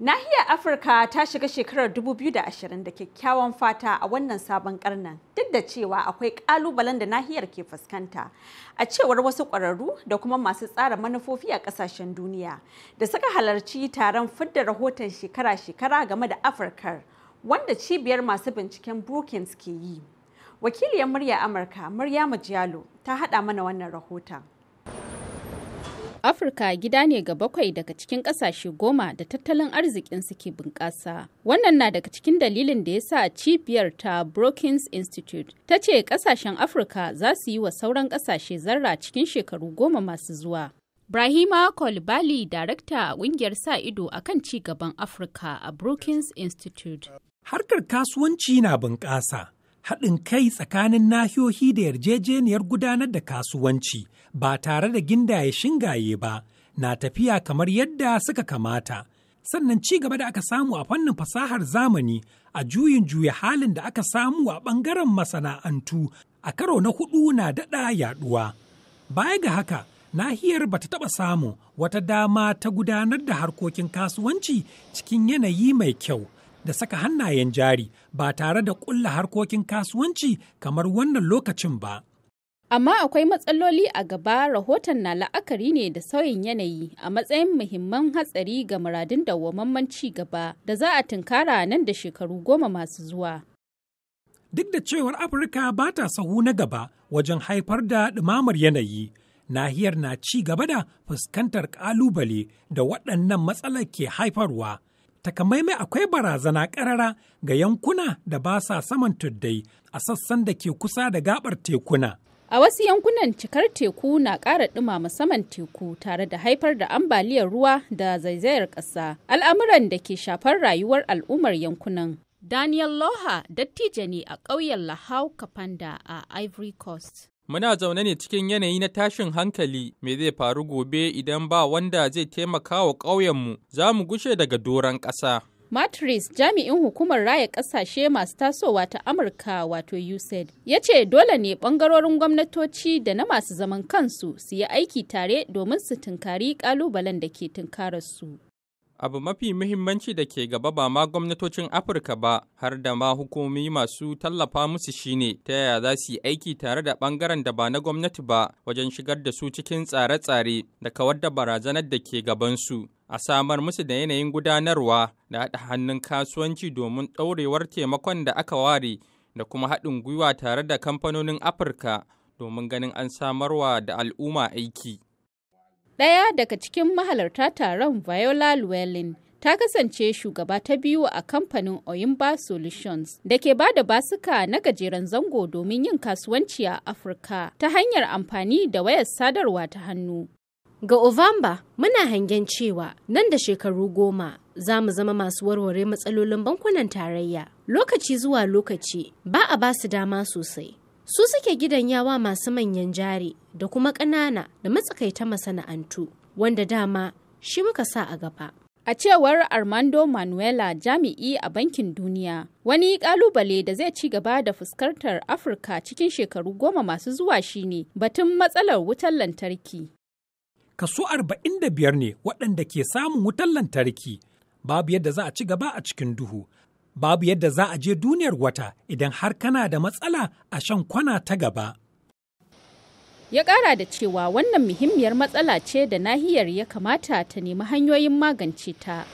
Nahiyar Afirka ta shiga shekarar 2020 da kyakkyawan fata a wannan sabon karnin duk da cewa akwai kalubalen da nahiyar ke fuskanta a cewar wasu ƙwararru da kuma masu tsara manufofi a ƙasashen duniya da suka halarci taron fidda rahoton shekara-shekara game da Afirkar wanda cibiyar masu binciken Brookings ke yi. Wakiliyar murya Amurka Maryamu Jalo ta haɗa mana wannan rahoton. Afirka gida ne ga bakwai daga cikin ƙasashe goma da tattalin arzikin suke bunƙasa. Wannan na daga cikin dalilin da ya sa cibiyar ta Brookings Institute ta ce ƙasashen Afirka za su yi wa sauran ƙasashe zarra cikin shekaru goma masu zuwa. Brahima Kolbali, darakta a ƙungiyar sa ido akan ci gaban Afirka a Brookings Institute. Harkar kasuwanci na bunƙasa. haɗin kai tsakanin nahiyoyi da yarjejeniyar gudanar da kasuwanci ba tare da gindaye shingaye ba na tafiya kamar yadda suka kamata. Sannan ci gaba da aka samu a fannin fasahar zamani a juyin juya halin da aka samu a ɓangaren masana'antu a karo na hudu na daɗa yaɗuwa. Baya ga haka, nahiyar ba ta taɓa samu wata dama ta gudanar da harkokin kasuwanci cikin yanayi mai kyau da saka hannayen jari ba tare da kulla harkokin kasuwanci kamar wannan lokacin ba. Amma akwai matsaloli a gaba rahoton na la'akari ne da sauyin yanayi a matsayin muhimman hatsari ga muradun dawwamamman ci gaba da za a tunkara nan da shekaru goma masu zuwa. Duk da cewar Afirka ba ta sahu na gaba wajen haifar da dumamar yanayi, nahiyar na ci gaba da fuskantar ƙalubale da waɗannan matsalar ke haifarwa. takamaimai akwai barazana ƙarara ga yankuna da ba sa saman tuddai a sassan da ke kusa da gabar tekuna. A wasu yankunan cikar teku na ƙara ɗumama saman teku tare da haifar da ambaliyar ruwa da zaizayar ƙasa, al'amuran da ke shafar rayuwar al'ummar yankunan. Daniel Loha dattijo ne a ƙauyen Lahau Kapanda a Ivory Coast. Muna zaune ne cikin yanayi na tashin hankali, me zai faru gobe idan ba wanda zai taimaka wa ƙauyenmu, za mu gushe daga doron ƙasa. Matris jami'in hukumar raya ƙasashe masu tasowa ta Amurka wato USAID ya ce dole ne ɓangarorin gwamnatoci da na masu zaman kansu su yi aiki tare domin su tunkari ƙalubalen da ke tunkararsu. abu mafi muhimmanci da ke gaba ba ma gwamnatocin afirka ba har da ma hukumomi masu tallafa musu shine ta yaya za su yi aiki tare da bangaren da ba na gwamnati ba wajen shigar da su cikin tsare-tsare da kawar da barazanar da ke gabansu a samar musu da yanayin gudanarwa da haɗa hannun kasuwanci domin ɗaurewar taimakon da aka ware da kuma haɗin gwiwa tare da kamfanonin afirka domin ganin an samarwa da al'umma aiki. Ɗaya daga cikin mahalarta taron Viola Llewellyn ta kasance shugaba ta biyu a kamfanin Oyimba Solutions da ke ba da basuka na gajeren zango domin yin kasuwanci a Afirka ta hanyar amfani da wayar sadarwa ta hannu. Ga Ovamba, muna hangen cewa nan da shekaru goma za mu zama masu warware matsalolin bankunan tarayya. Lokaci zuwa lokaci ba a ba su dama sosai. Su suke gidan yawa masu manyan jari da kuma ƙanana da matsakaita masana'antu wanda dama shi muka sa a gaba. A cewar Armando Manuela jami'i a Bankin Duniya, wani kalubale da zai ci gaba da fuskantar Afirka cikin shekaru goma masu zuwa shine batun matsalar wutar lantarki. Kaso arba'in da biyar ne waɗanda ke samun wutar lantarki, babu yadda za a ci gaba a cikin duhu, babu yadda za a je duniyar wata idan har kana da matsala a shan kwana ta gaba. Ya ƙara da cewa wannan muhimmiyar matsala ce da nahiyar ya kamata ta nemi hanyoyin magance ta.